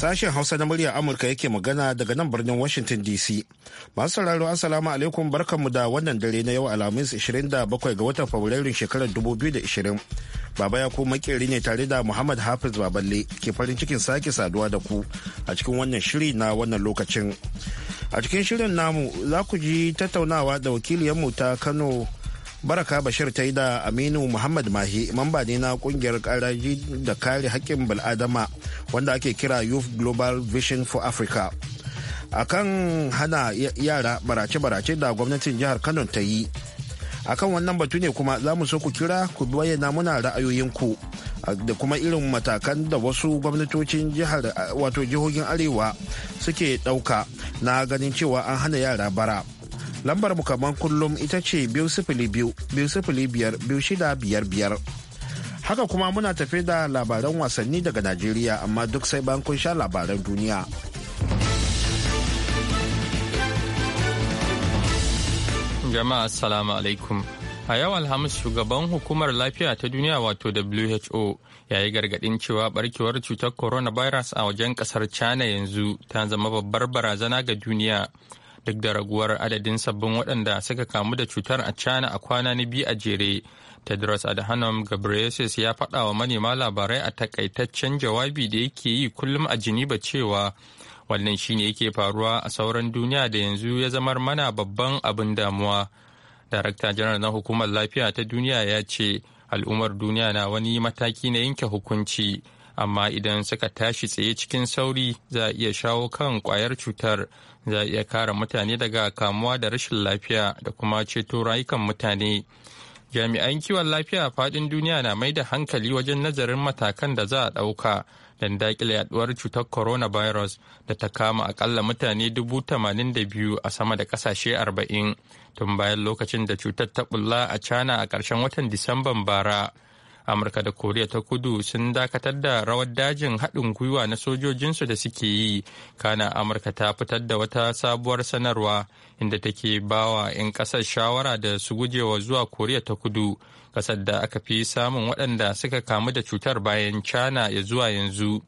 Sashen Hausa na murya Amurka yake magana daga nan birnin Washington DC. Masu sauraro Assalamu alaikum barkanmu da wannan dare na yau Alhamis 27 ga watan Fabrairun shekarar 2020. Baba ya ko makeri ne tare da Muhammad Hafiz Baballe ke farin cikin sake saduwa da ku a cikin wannan shiri na wannan lokacin. A cikin shirin namu za ku ji tattaunawa da wakiliyanmu ta Kano baraka bashir ta yi da aminu muhammad mahi mamba ne na kungiyar karaji da kare haƙƙin bil'adama wanda ake kira youth global vision for africa akan hana yara barace-barace da gwamnatin jihar kano ta yi akan wannan batu ne kuma za mu so ku kira ku bayyana muna ra'ayoyinku da kuma irin matakan da wasu gwamnatocin jihar wato jihohin arewa suke ɗauka na ganin cewa an hana yara bara. lambar mu kamar kullum ita ce biyu sifili biyu biyu sifili biyar biyu shida biyar biyar haka kuma muna tafe da labaran wasanni daga najeriya amma duk sai bayan kun sha labaran duniya jama'a assalamu alaikum a yau alhamis shugaban hukumar lafiya ta duniya wato who ya yi gargadin cewa barkewar cutar coronavirus a wajen kasar china yanzu ta zama babbar barazana ga duniya duk da raguwar adadin sabbin waɗanda suka kamu da cutar a cana a kwana na biyu a jere. Tedros Adhanom Ghebreyesus ya faɗa wa manema labarai a takaitaccen jawabi da yake yi kullum a ba cewa wannan shine yake faruwa a sauran duniya da yanzu ya zamar mana babban abin damuwa. Darakta janar na hukumar lafiya ta duniya ya ce al'ummar duniya na wani mataki na yanke hukunci. amma idan suka tashi tsaye cikin sauri za a iya shawo kan kwayar cutar za a iya kare mutane daga kamuwa da rashin lafiya da kuma ceto rayukan mutane jami'an kiwon lafiya a fadin duniya na mai da hankali wajen nazarin matakan da za a ɗauka don daƙile yaduwar cutar coronavirus da ta kama akalla mutane dubu tamanin da biyu a sama da ƙasashe arba'in tun bayan lokacin da cutar ta bulla a cana a ƙarshen watan disamban bara amurka da koriya ta kudu sun dakatar da rawar dajin haɗin gwiwa na sojojinsu da suke yi kana amurka ta fitar da wata sabuwar sanarwa inda take bawa 'yan ƙasar shawara da su gujewa zuwa koriya ta kudu ƙasar da aka fi samun waɗanda suka kamu da cutar bayan china ya zuwa yanzu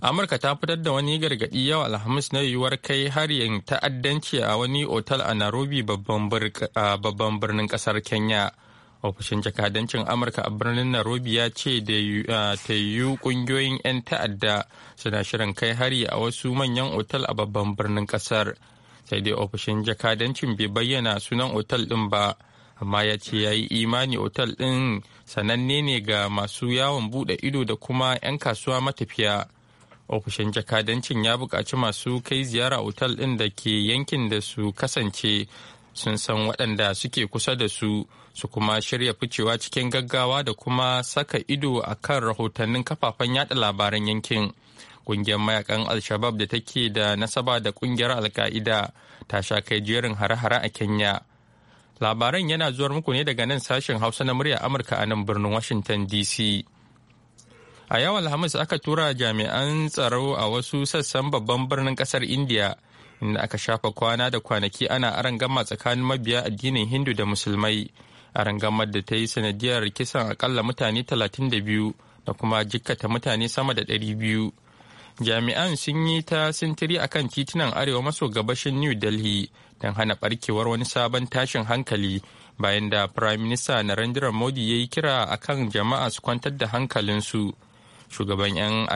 amurka ta fitar da wani gargaɗi yau alhamis na yiwuwar kai harin ta'addanci a wani otal a nairobi babban birnin ƙasar kenya ofishin jakadancin amurka a birnin nairobi ya ce da ta yiwu kungiyoyin 'yan ta'adda suna shirin kai hari a wasu manyan otal a babban birnin kasar sai dai ofishin jakadancin bai bayyana sunan otal din ba amma ya ce ya yi imani otal din sananne ne ga masu yawon bude ido da kuma 'yan kasuwa matafiya ofishin jakadancin ya buƙaci masu kai ziyara otal din da ke yankin da su kasance sun san waɗanda suke kusa da su su kuma shirya ficewa cikin gaggawa da kuma saka ido a kan rahotannin kafafen yada labaran yankin kungiyar mayakan al-shabab da take da nasaba da kungiyar alka'ida ta sha kai jerin hare-hare a kenya labaran yana zuwar muku ne daga nan sashen hausa na murya amurka a nan birnin washington dc a yau alhamis aka tura jami'an tsaro a wasu sassan babban birnin kasar india inda aka shafa kwana da kwanaki ana aron gama tsakanin mabiya addinin hindu da musulmai a rangamar da ta yi sanadiyar kisan akalla mutane 32 da kuma jikkata mutane sama da 200 jami'an sun yi ta sintiri a kan titunan arewa maso gabashin new delhi don hana barkewar wani sabon tashin hankali bayan da prime minister narendra modi ya yi kira a kan jama'a su kwantar da hankalinsu shugabannin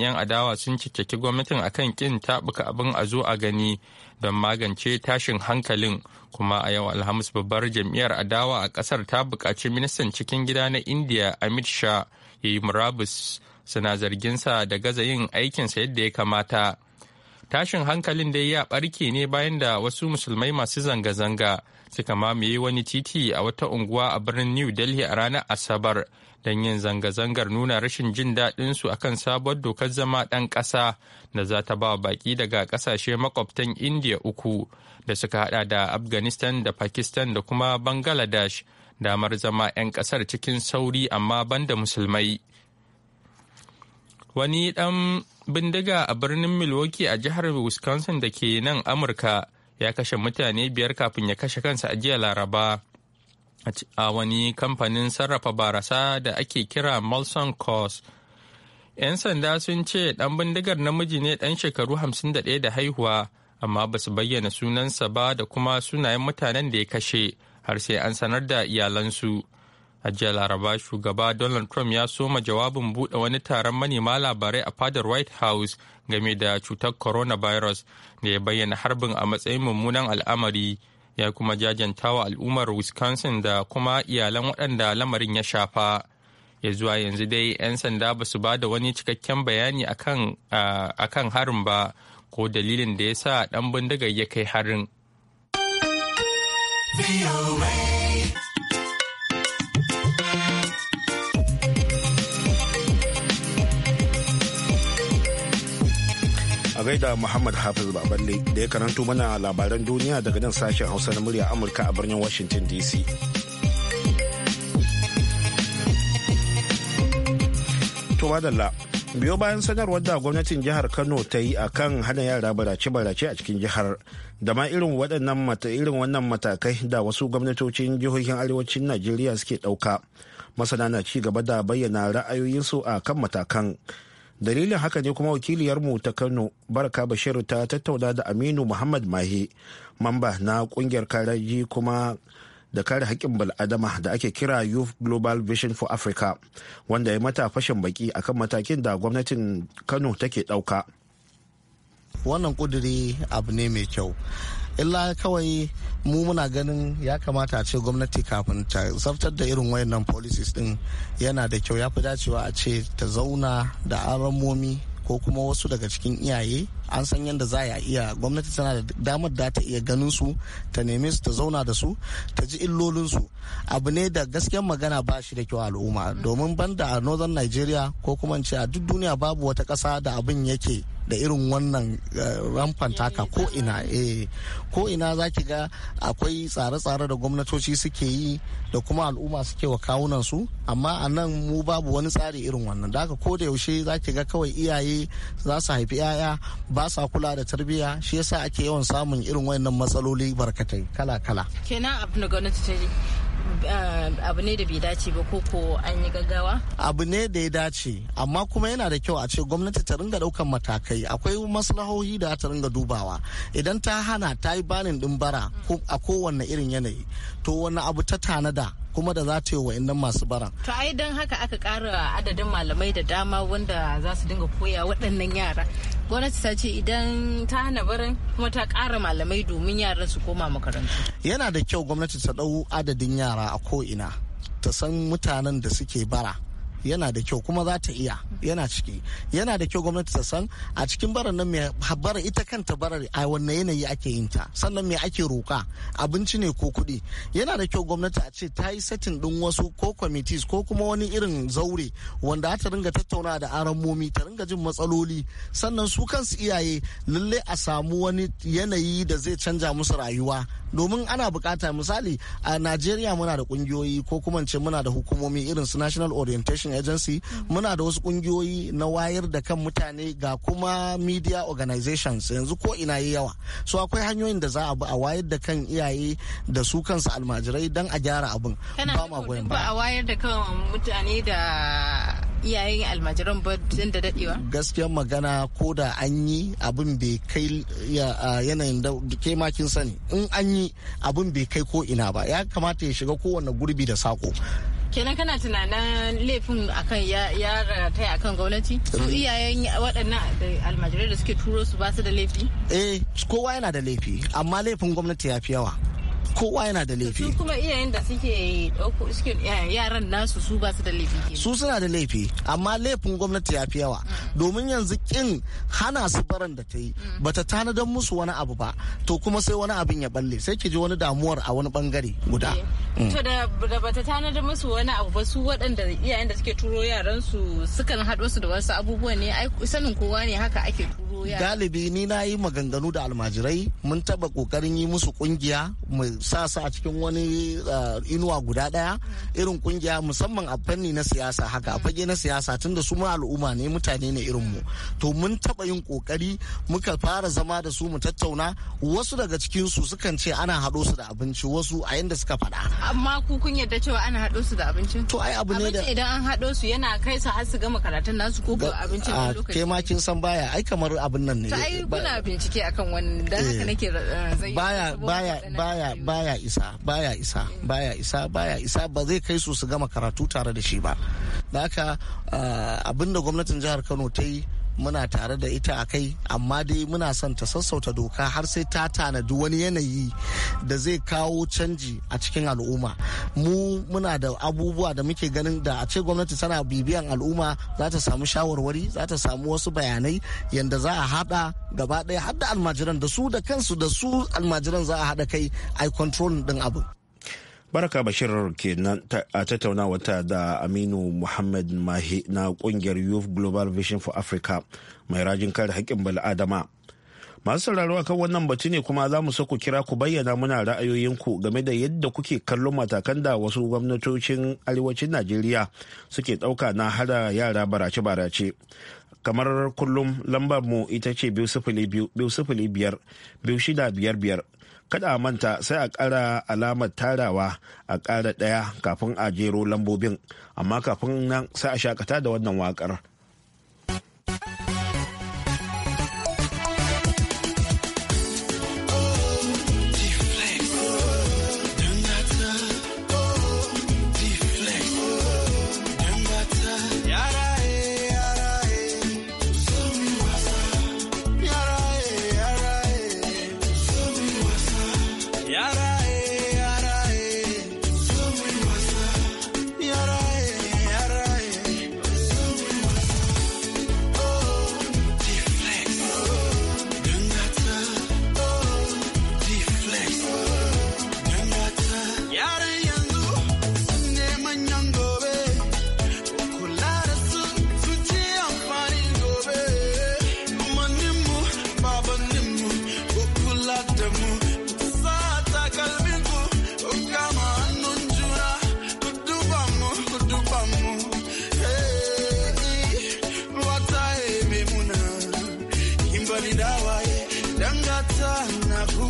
'yan adawa sun cikaki gwamnatin akan kin tabuka abin a zo a gani don magance tashin hankalin kuma a yau alhamis babbar jam'iyyar adawa a kasar ta buƙaci ministan cikin gida na india amit shah ya yi murabus suna zarginsa da gaza yin aikinsa yadda ya kamata tashin hankalin dai ya ɓarke ne bayan da wasu musulmai masu zanga-zanga suka mamaye wani titi a wata unguwa a birnin new delhi a ranar asabar don yin zanga-zangar nuna rashin jin daɗinsu kan sabuwar dokar zama ɗan ƙasa da za ta ba baƙi daga ƙasashe makwabtan indiya uku da suka haɗa da afghanistan da pakistan da kuma bangladesh damar zama 'yan ƙasar cikin sauri amma banda musulmai wani ɗan bindiga a birnin milwaukee a jihar wisconsin da ke nan amurka ya kashe mutane biyar kafin ya kashe kansa a jiya laraba a wani kamfanin sarrafa barasa da ake kira Molson Coors. 'Yan sanda sun ce ɗan bindigar namiji ne ɗan shekaru hamsin da ɗaya da haihuwa, amma ba su bayyana sunansa ba da kuma sunayen mutanen da ya kashe har sai an sanar da iyalansu. A jiya Laraba shugaba Donald Trump ya soma jawabin buɗe wani taron manema labarai a fadar White House game da cutar coronavirus da ya bayyana harbin a matsayin mummunan al'amari. ya kuma jajantawa al'ummar wisconsin da kuma iyalan waɗanda lamarin ya shafa ya zuwa yanzu dai 'yan sanda ba su ba da wani cikakken bayani a kan harin ba ko dalilin da ya sa ɗan bindigar ya kai harin. da Muhammad Hafiz Baballe da ya karanto mana labaran duniya daga nan sashen Hausa na murya Amurka a birnin Washington DC. Tumadalla, biyo bayan sanarwar da gwamnatin jihar Kano ta yi a kan hana yara barace-barace a cikin jihar, da ma irin wannan matakai da wasu gwamnatocin jihohin arewacin Najeriya suke ɗauka. Masana na ci gaba da bayyana ra'ayoyinsu a kan matakan. dalilin haka ne kuma wakiliyarmu ta kano baraka bashir ta tattauna da aminu muhammad mahi mamba na kungiyar karaji kuma da kare haƙƙin bal'adama da ake kira youth global vision for africa wanda ya mata fashin baki akan matakin da gwamnatin kano take ɗauka wannan ƙuduri abu ne mai kyau illa kawai mu muna ganin ya kamata a ce gwamnati kafin ta zartar da irin wayannan policies din yana da kyau ya fi dacewa a ce ta zauna da aramomi ko kuma wasu daga cikin iyaye an san yadda za a iya gwamnati tana da damar da ta iya ganin su ta neme su ta zauna da su ta ji illolin su abu ne da gaskiyar magana ba shi da kyau al'umma domin banda a northern nigeria ko kuma ce a duk duniya babu wata kasa da abin yake da irin wannan eh, ramfantaka taka ko ina eh ko ina za ki ga akwai tsare-tsare da gwamnatoci suke yi da kuma al'umma suke wa kawunan su amma a nan mu babu wani tsari irin wannan da haka ko da yaushe za ki ga kawai iyaye za su haifi 'ya'ya ba sa kula da tarbiyya shi yasa ake yawan samun irin wayannan matsaloli barkatai kala-kala kenan abu na gwamnati ta eh, abu ne da bai dace ba ko ko an yi gaggawa? abu ne da ya dace amma kuma yana da kyau a ce gwamnati ta ringa daukan matakai akwai maslahohi da ta ringa dubawa idan ta hana ta yi banin din bara a kowanne irin yanayi to wani abu ta tanada kuma da za ta yi wa'annan masu bara. To ai don haka aka ƙara adadin malamai da dama wanda za su dinga koya waɗannan yara. Gwamnati ta ce idan ta hana barin kuma ta ƙara malamai domin yaran su koma makarantu. Yana da kyau gwamnati ta ɗau adadin yara a ko'ina ta san mutanen da suke bara. yana da kyau kuma za ta iya yana ciki yana da kyau gwamnati ta san a cikin barar nan mai ita kanta barar a wanne yanayi ake yin ta sannan mai ake roka abinci ne ko kuɗi yana da kyau gwamnati a ce ta yi satin ɗin wasu ko committees ko kuma wani irin zaure wanda ta ringa tattauna da aramomi ta ringa jin matsaloli sannan su kansu iyaye lalle a samu wani yanayi da zai canja musu rayuwa domin ana bukata misali a najeriya muna da kungiyoyi ko kuma ce muna da hukumomi irin su national orientation agency muna da wasu kungiyoyi na wayar da kan mutane ga kuma media organizations yanzu ko ina yi yawa so akwai hanyoyin da za a bi a wayar da kan iyaye da su kansu almajirai don a gyara abin ba ma goyon ba a wayar da kan mutane da iyayen almajiran ba tun da dadewa gaskiyar magana ko da an yi abin bai kai yanayin da ke makin sani in an yi abin bai kai ko ina ba ya kamata ya shiga kowane gurbi da sako kenan kana tunanin laifin akan ya rataya akan gwamnati su mm. iyayen waɗannan almajirai da suke turo su ba su da laifi eh kowa yana da laifi amma laifin gwamnati ya fi yawa kowa yana da laifi kuma iyayen da suke suke yaran nasu su ba su da laifi su suna da laifi amma laifin gwamnati ya fi yawa domin yanzu kin hana su baran da ta yi mm. bata tanadar musu wani abu ba to kuma sai wani abin ya balle sai ki ji wani damuwar a wani bangare guda eh, mm. to da bata tanadar musu wani abu ba su waɗanda iyayen da suke turo yaran su sukan haɗo su da wasu abubuwa ne sanin kowa ne haka ake turo yaran. galibi ni na yi maganganu da almajirai mun taba kokarin yi musu kungiya mai. Sasa a cikin wani eh, inuwa guda daya irin kungiya musamman a fanni na siyasa haka a fage na siyasa tun da su mu al'umma ne mutane ne irin mu to mun taba yin kokari muka fara zama da su mu tattauna wasu daga cikin su sukan ce ana haɗo su da abinci wasu a yanda suka faɗa amma ku kun yadda cewa ana haɗo su da abinci to ai abu ne da idan an haɗo su yana kai su har su gama karatun nasu ko abincin a lokaci ke ma kin san baya ai kamar abin nan ne to ai kuna bincike akan wannan dan haka eh. nake eh, zai baya baya baya baya isa baya isa baya isa baya isa ba zai kai su su gama karatu tare da shi ba da haka ah, abinda gwamnatin jihar kano ta yi muna tare da ita a kai amma dai muna son ta sassauta doka har sai ta tanadi wani yanayi da zai kawo canji a cikin al'umma mu muna da abubuwa da muke ganin da a ce gwamnati tana bibiyan al'umma za ta samu shawarwari za ta samu wasu bayanai yadda za a hada gaba ɗaya har da almajiran da su da kansu da su almajiran za a hada kai ai control din abin Baraka Bashir kenan a tattaunawa ta da Aminu Muhammad Mahi na kungiyar Youth Global Vision for Africa mai rajin kare haƙƙin bal'adama. Masu sauraro kan wannan batu ne kuma za mu ku kira ku bayyana muna ra'ayoyinku game da yadda kuke kallon matakan da wasu gwamnatocin arewacin Najeriya suke ɗauka na hada yara barace-barace. Kamar kullum lambar mu ita ce biyu sifili biyar biyu shida biyar biyar kada a manta sai a ƙara alamar tarawa a ƙara ɗaya kafin a jero lambobin amma kafin nan sai a shakata da wannan waƙar. I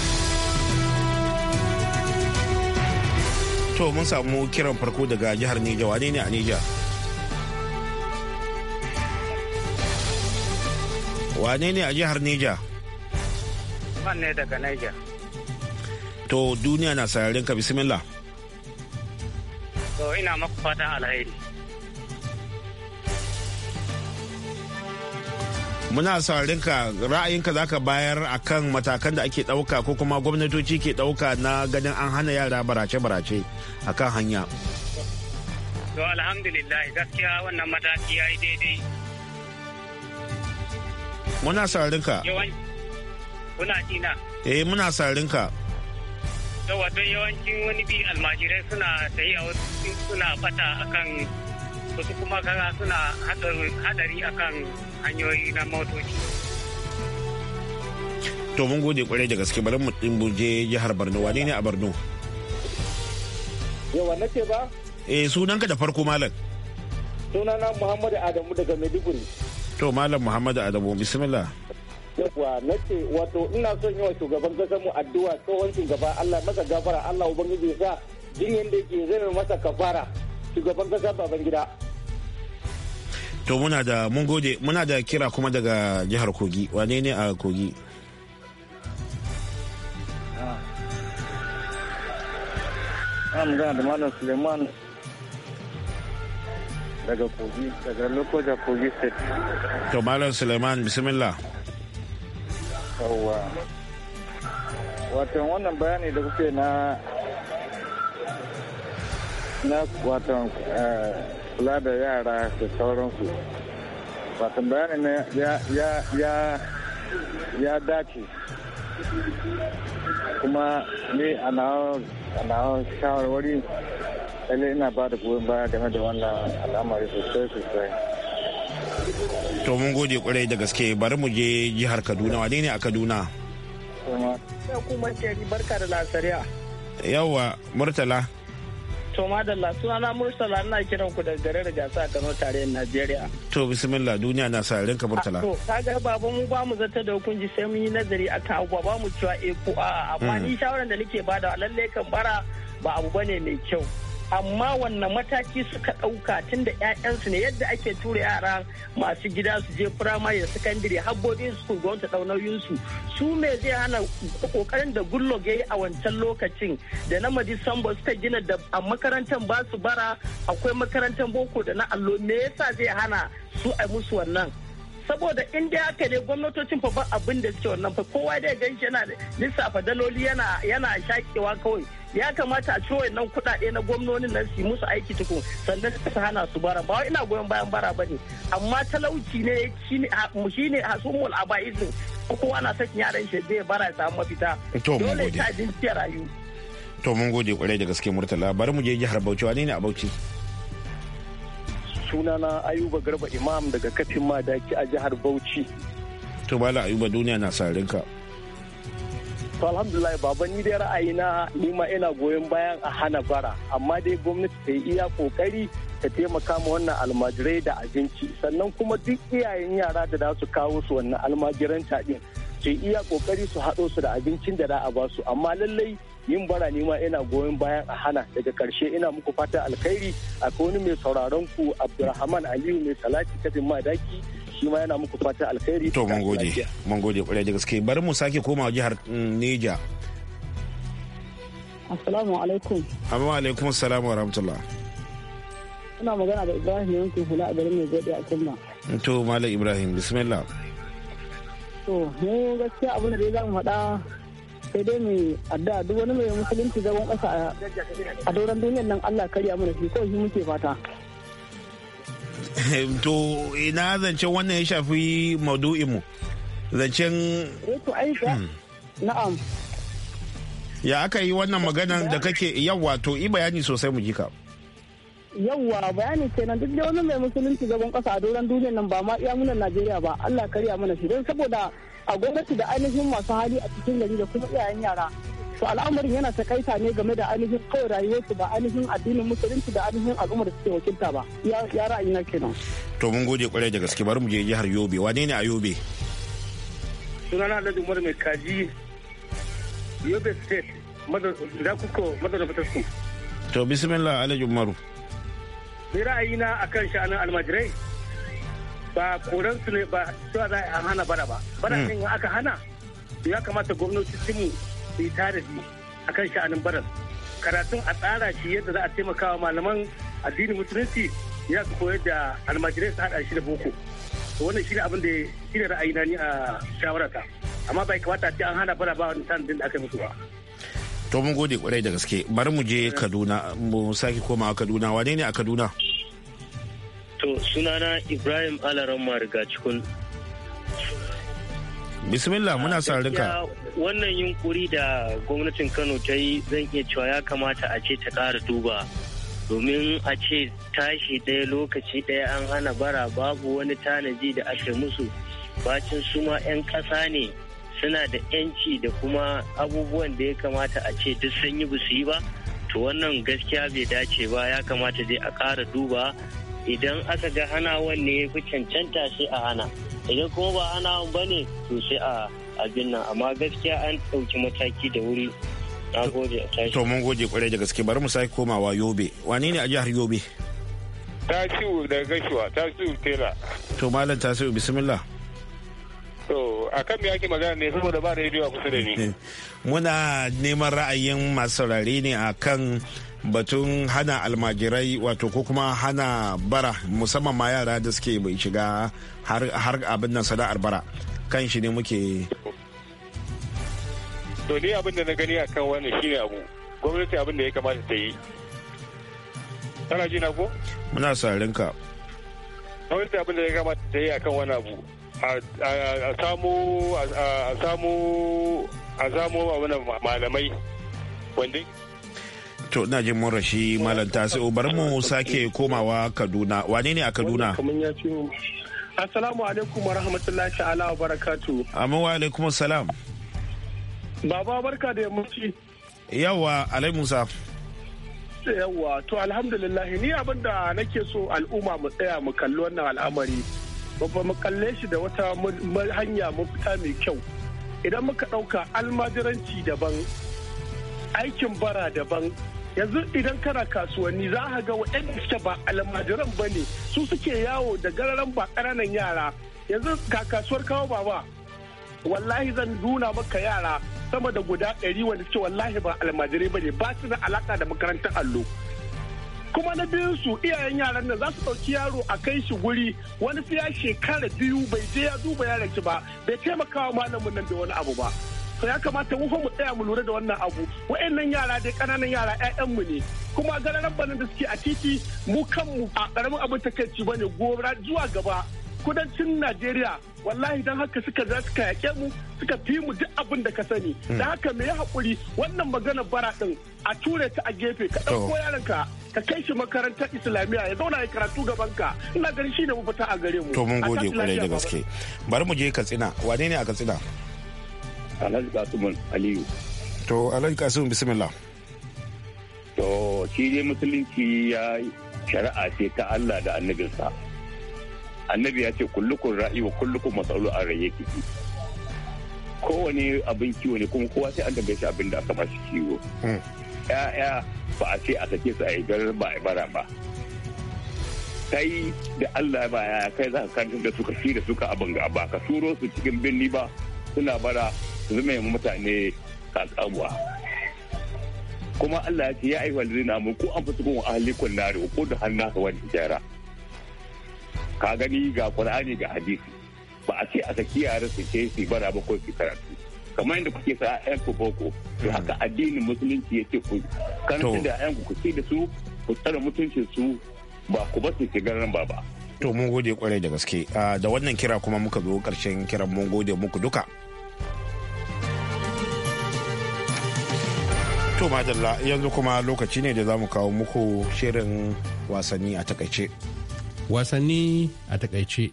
to mun samu kiran farko daga jihar Neja wane ne a Neja? Wane ne a jihar Neja? Wane ne daga Neja. To duniya na sararin ka bismillah. To ina maku fatan alheri. muna saurin ka ra'ayinka zaka bayar akan matakan da ake ɗauka ko kuma gwamnatoci ke ɗauka na ganin an hana yara barace-barace akan hanya. To alhamdulillah gaskiya wannan mataki ya yi daidai. Muna saurin ka. Kuna jina. Eh muna saurin ka. To wato yawancin wani bi almajirai suna sayi a wasu suna fata akan wasu kuma kaga suna hadari akan hanyoyi na motoci to mun gode kwarai da gaske bari mu je jihar Borno wane ne a Borno yawa nake ba eh sunanka da farko malam sunana Muhammadu Adamu daga Maiduguri to malam Muhammadu Adamu bismillah yawa na ce wato ina son yawa shugaban gaza mu addu'a tsohon shugaba Allah masa gafara Allah ubangiji ya sa jinyan da yake zai masa kafara shugaban kasa baban gida to muna da mun gode muna da kira kuma daga jihar kogi wane ne a kogi an ah. gana da malam suleiman daga kogi daga lokoja kogi state to malam suleiman bismillah yawwa watan wannan bayani da kuke na na watan eh, kula da yara da sauransu watan bayanin ya dace kuma ne a nawa shawarwari ɗale ina ba da goyon baya game da wannan al'amari sosai sosai to mun gode kwarai da gaske bari mu je jihar kaduna wane ne a kaduna kuma barka da lasariya yawa murtala To madalla sunana murtala ina kiran ku da garin gasa Kano tarayyar Najeriya. To bismillah duniya na sa ka Murtala. To kaga baba mu ba mu zata da hukunci sai mun yi nazari akan abuwa ba mu cewa eh ko a'a amma hmm. ni shawaran da nake bada lalle kan bara ba abu bane mai kyau. amma wannan mataki suka ɗauka tun da 'ya'yansu ne yadda ake tura yara masu gida su je firamare da sakandare har su school su me zai hana kokarin da gullog ya yi a wancan lokacin da na madisamba suka gina da a makarantar ba su bara akwai makarantar boko da na allo me yasa zai hana su a musu wannan saboda in dai haka ne gwamnatocin fa ba abin da suke wannan fa kowa dai gan shi yana lissafa daloli yana yana shakewa kawai ya kamata a ci wayannan kuɗaɗe na gwamnonin nan su musu aiki tukun sannan su hana su bara ba ina goyon bayan bara ba ne amma talauci ne shi ne hasumul abaizin kowa na sakin yaran shi zai bara ya samu mafita dole ta abinci ya rayu to mun gode kwarai da gaske murtala bari mu je jihar bauchi wani ne a bauchi sunana ayuba garba imam daga katin madaki a jihar bauchi to bala ayuba duniya na sarinka ka to alhamdulillah baban ni dai ra'ayi ni ma ina goyon bayan a hana bara amma dai gwamnati ta yi iya kokari ta taimaka ma wannan almajirai da abinci sannan kuma duk iyayen yara da za su kawo su wannan almajiranta din su iya kokari su haɗo su da abincin da za a ba su amma lallai yin bara nima ma ina goyon bayan a hana daga karshe ina muku fata alkhairi akwai wani mai sauraron ku abdulrahman aliyu mai salati kafin madaki shi ma yana muku fata alkhairi to mun gode mun gode kwarai da gaske bari mu sake koma jihar Neja Assalamu alaikum. wa alaikum assalamu wa rahmatullah. Ina magana da Ibrahim yankin hula a garin Nigeria a Kuma To Malam Ibrahim bismillah. To mu gaskiya abin da dai za mu faɗa sai dai mai adda duk wani mai musulunci zagon ƙasa a doron duniyar nan Allah karya mana shi ko shi muke fata. to ina zancen wannan ya shafi maudu'in mu zancen eh, hmm. na'am ya aka yi wannan maganan da kake yawa to i bayani sosai mu ji ka yawwa bayani kenan duk da wani mai musulunci zagon kasa a doron duniyar nan ba ma iya munan najeriya ba allah karya mana shi don saboda a gwamnati da ainihin masu hali a cikin gari da kuma iyayen yara to al'amarin yana takaita ne game da ainihin kawai rayuwarsu ba ainihin addinin musulunci da ainihin al'ummar da suke wakilta ba ya ra'ayina kenan to mun gode kwarai da gaske bari mu je jihar yobe wane ne a yobe sunana da dumar mai kaji yobe state zakuko madara su. to bismillah alhaji umaru ni ra'ayina kan sha'anin almajirai ba koran su ne ba a za a hana bara ba bara hmm. in aka hana ya kamata gwamnati mu su yi tarihi kan sha'anin baras karatun a tsara shi yadda za a taimakawa malaman addinin musulunci ya su koyar da almajirai su haɗa shi da boko wannan shi ne abin da shi ne ra'ayi na ni a shawarata amma bai kamata ce an hana bara ba wani tanadin da aka musu ba to mun gode kwarai da gaske bari mu je kaduna mu sake komawa kaduna wane ne a kaduna to sunana ibrahim alaran mariga cikin bismillah muna sa rika wannan yunkuri da gwamnatin kano ta yi zan iya cewa ya kamata a ce ta ƙara duba domin a ce tashi ɗaya lokaci ɗaya an hana bara babu wani tanaji da ake musu bacin su ma 'yan ƙasa ne suna da 'yanci da kuma abubuwan da ya kamata a ce duk sun yi su yi ba to wannan gaskiya bai dace ba ya kamata dai a ƙara duba idan aka ga hanawan ne ya fi cancanta sai a hana. idan kuma ba ana ba ne to sai a abin nan amma gaskiya an ɗauki mataki da wuri na gode to mun gode kwarai da gaske bari mu sake komawa yobe wani ne a jihar yobe tasiu da gashuwa tasiu tela to malam tasiu bismillah to a kan me yake magana ne saboda ba rediyo a kusa da ni eh, muna neman ra'ayin masu saurare ne a kan batun hana almajirai wato ko kuma hana bara musamman ma yara da suke bai shiga har abin nan sana'ar bara kan shi ne muke to ne abin da na gani a kan wannan shine abu gwamnati abin da ya kamata ta yi tana jina ko muna sarin ka gwamnati abin da ya kamata ta yi a kan wannan abu a samu a samu a samu abin malamai wanda to ina jin mun rashi malam tasi'u bari mu sake komawa kaduna wane ne a kaduna assalamu alaikum wa rahmatullahi ala wa barakatu amma wa alaikum salam baba barka da yammaci yawa alai musa yawa to alhamdulillah ni abin da nake so al'umma mu tsaya mu kalli wannan al'amari babba mu kalle shi da wata hanya mafita mai kyau idan muka ɗauka almajiranci daban aikin bara daban yanzu idan kana kasuwanni za ka ga waɗanda suke ba almajiran ba ne su suke yawo da gararan ba ƙananan yara yanzu ka kasuwar kawo baba wallahi zan nuna maka yara sama da guda ɗari wanda suke wallahi ba almajirai ba ne ba su da alaƙa da makarantar allo kuma na biyun su iyayen yaran nan za su ɗauki yaro a kai shi guri wani siya ya shekara biyu bai je ya duba yaran ki ba bai taimakawa malamin nan da wani abu ba to ya kamata mu mu tsaya mu lura da wannan abu wa'annan yara dai kananan yara mu ne kuma ga bana da suke a titi mu kanmu a karamin abin takaici bane gobra zuwa gaba kudancin Najeriya wallahi dan haka suka za suka yaƙe mu suka fi mu duk abin da ka sani hmm. da haka me ya hakuri wannan magana bara ɗin a ture ta a gefe ka ko yaranka ka kai shi makarantar islamiyya ya zauna ya karatu gaban ka ina ganin shi da mafita a gare mu to mun gode kwarai da gaske bari mu je katsina wane ne a katsina alhaji kasumin aliyu to alhaji bismillah to shi ne musulunci ya shari'a ce ta allah da annabinsa annabi ya ce kullukun ra'i wa kullukun a an raye kiki kowane abin kiwo ne kuma kowa sai an tambaye shi abin da aka shi kiwo hmm. ya'ya ba a ce a sake su a yi garar ba a bara ba kai da Allah ba ya kai za ka kantar da suka fi da suka abin ga ba ka turo su cikin birni ba suna bara su zama yin mutane kakabuwa kuma Allah ya ce ya ayyuhal ladina amanu ku anfusukum wa ahlikum nar da hannu hannaka wani jera. ka gani ga Qur'ani ga hadisi ba a ce a saki yara su ce su bara ba ko su karatu kamar yadda kuke sa 'yan ku boko to haka addinin musulunci ya ce ku kan da ƴan ku ku ce da su ku tsara mutuncin su ba ku ba su shigar nan ba ba to mun gode kwarai da gaske ah, da wannan kira kuma muka zo karshen kiran mun gode muku duka to madalla yanzu kuma lokaci ne da za mu kawo muku shirin wasanni a takaice wasanni a takaice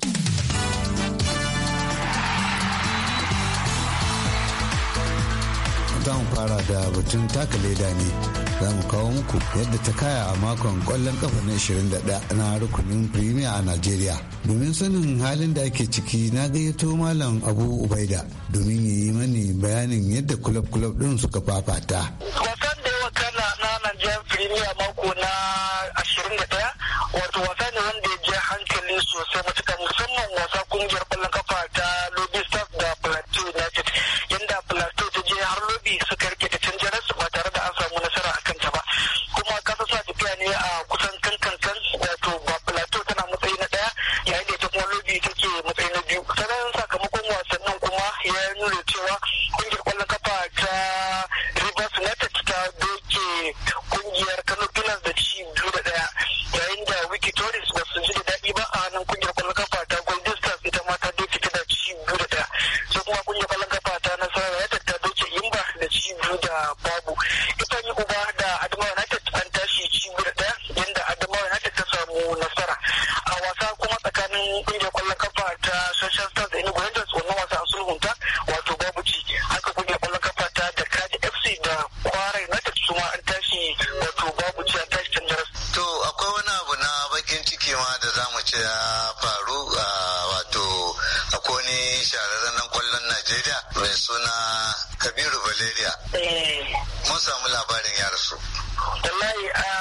fara da batun taka leda ne za mu kawo muku yadda ta kaya a makon kwallon kafa na 21 na rukunin premier a nigeria Domin sanin halin da ake ciki na gayyato Malam Abu Ubaida domin ya yi mani bayanin yadda kulab-kulab din suka fafata. Wasan da na malaria eh. mun samu labarin ya rasu wallahi a ah,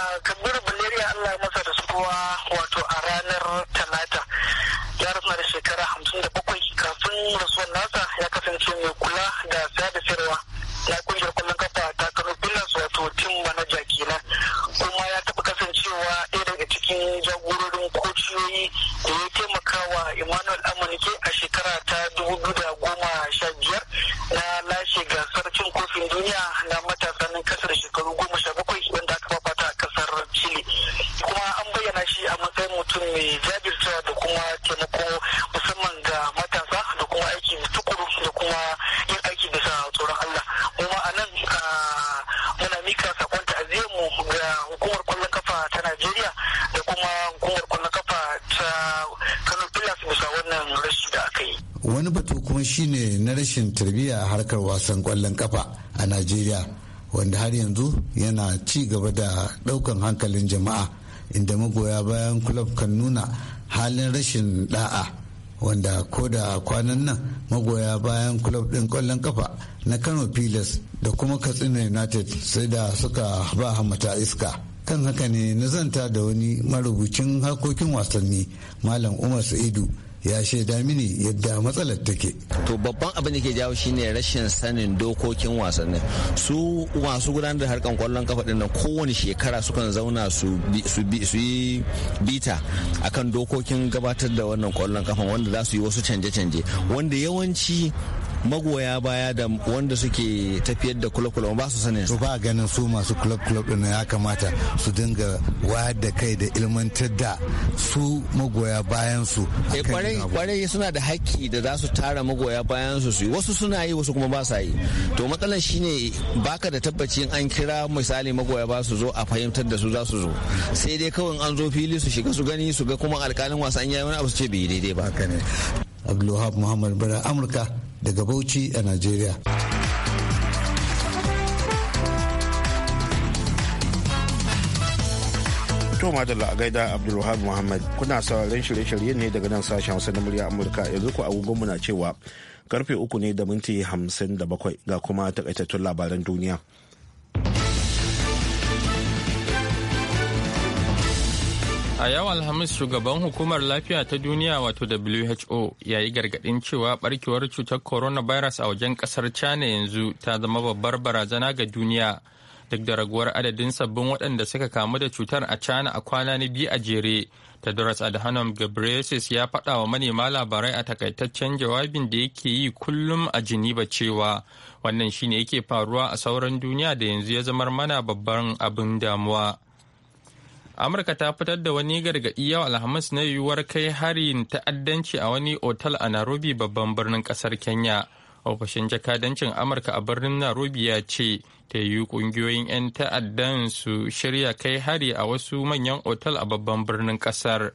mai jajircewa da kuma taimako musamman ga matasa da kuma aiki tukuru da kuma yin aiki bisa tsoron Allah. Kuma a nan muna mika sakon mu ga hukumar kwallon kafa ta Najeriya da kuma hukumar kwallon kafa ta Kano Pillars bisa wannan rashi da aka yi. Wani batu kuma shine na rashin tarbiyya a harkar wasan kwallon kafa a Najeriya. wanda har yanzu yana ci gaba da daukan hankalin jama'a inda magoya bayan club kan nuna halin rashin da'a wanda ko da kwanan nan magoya bayan club din kwallon kafa na kano pilas da kuma katsina united sai da suka ba hamata iska kan haka ne na zanta da wani marubucin harkokin wasanni malam umar sa'idu ya shaida mini yadda matsalar take to babban abin da ke jawo shine rashin sanin dokokin wasannin su masu gudanar da harkan kwallon kafa din nan kowane shekara sukan zauna su yi bita akan dokokin gabatar da wannan kwallon kafa wanda za su yi wasu canje-canje wanda yawanci magoya baya da wanda suke tafiyar da kula kula ba su sanin su ba ganin su masu kula kula din ya kamata su dinga wayar da kai da ilmantar da su magoya bayan su eh, kwarai suna da haƙƙi da za su tara magoya bayan su su wasu suna yi wasu kuma ba sa yi to matsalar shine baka da tabbaci an kira misali magoya ba su zo a fahimtar da su za su zo sai dai kawai an zo fili su shiga su gani su ga kuma alkalin wasan yayi wani abu su ce bai daidai ba haka ne abdulwahab muhammad bara amurka daga Bauchi a Najeriya. To madalla a gaida Abdulwahab Muhammad kuna sauraron shirye-shirye ne daga nan sashen Hausa na murya Amurka yanzu ku agogonmu na cewa karfe uku ne da minti hamsin da bakwai ga kuma takaitattun labaran duniya. A yau Alhamis shugaban hukumar lafiya ta duniya wato WHO ya yi gargaɗin cewa barkewar cutar coronavirus a wajen ƙasar China yanzu ta zama babbar barazana ga duniya duk da raguwar adadin sabbin waɗanda suka kamu da cutar a China a kwana na biyu a jere. Tedros Adhanom Ghebreyesus ya faɗa wa manema labarai a takaitaccen jawabin da yake yi kullum a Geneva cewa wannan shine yake faruwa a sauran duniya da yanzu ya zamar mana babban abin damuwa. amurka ta fitar da wani gargaɗi yau alhamis na yiwuwar kai harin ta'addanci a wani otal a narobi babban birnin ƙasar kenya ofishin jakadancin amurka a birnin narobi ya ce ta yi ƙungiyoyin 'yan ta'addan su shirya kai hari a wasu manyan otal a babban birnin ƙasar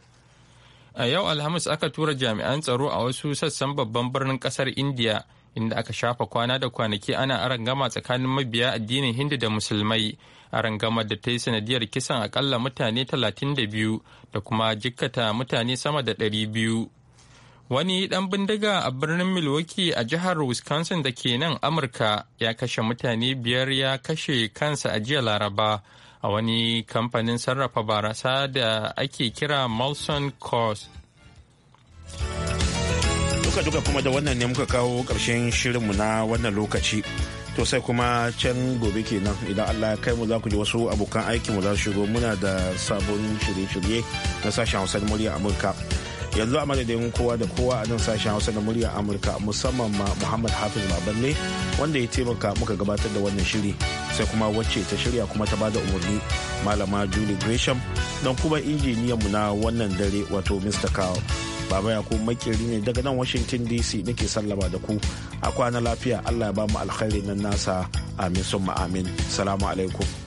a yau alhamis aka tura jami'an tsaro a wasu sassan babban birnin ƙasar india inda aka shafa kwana da kwanaki ana arangama tsakanin mabiya addinin hindu da musulmai arangamar da ta yi sanadiyar kisan akalla mutane 32 da kuma jikkata mutane sama da 200 wani dan bindiga a birnin milwaukee a jihar wisconsin da ke nan amurka ya kashe mutane biyar ya kashe kansa a jiya laraba a wani kamfanin sarrafa barasa da ake kira molson coast duka-duka kuma da wannan ne muka kawo ƙarshen shirinmu na wannan lokaci to sai kuma can gobe kenan idan allah ya kai mu za ku ji wasu abokan aikinmu za su shigo muna da sabon shirye-shirye na sashen hausa da murya amurka yanzu a madadin kowa da kowa a nan sashen hausa da murya amurka musamman ma muhammad hafiz babanne wanda ya taimaka muka gabatar da wannan shiri sai kuma wacce ta shirya kuma ta bada umarni malama julie gresham don kuma mu na wannan dare wato mr kawo. Baba Yakub makeri ne daga nan Washington DC nake sallama da ku. A kwana lafiya Allah ya ba mu alkhairi nan nasa. Amin summa amin. Salamu alaikum.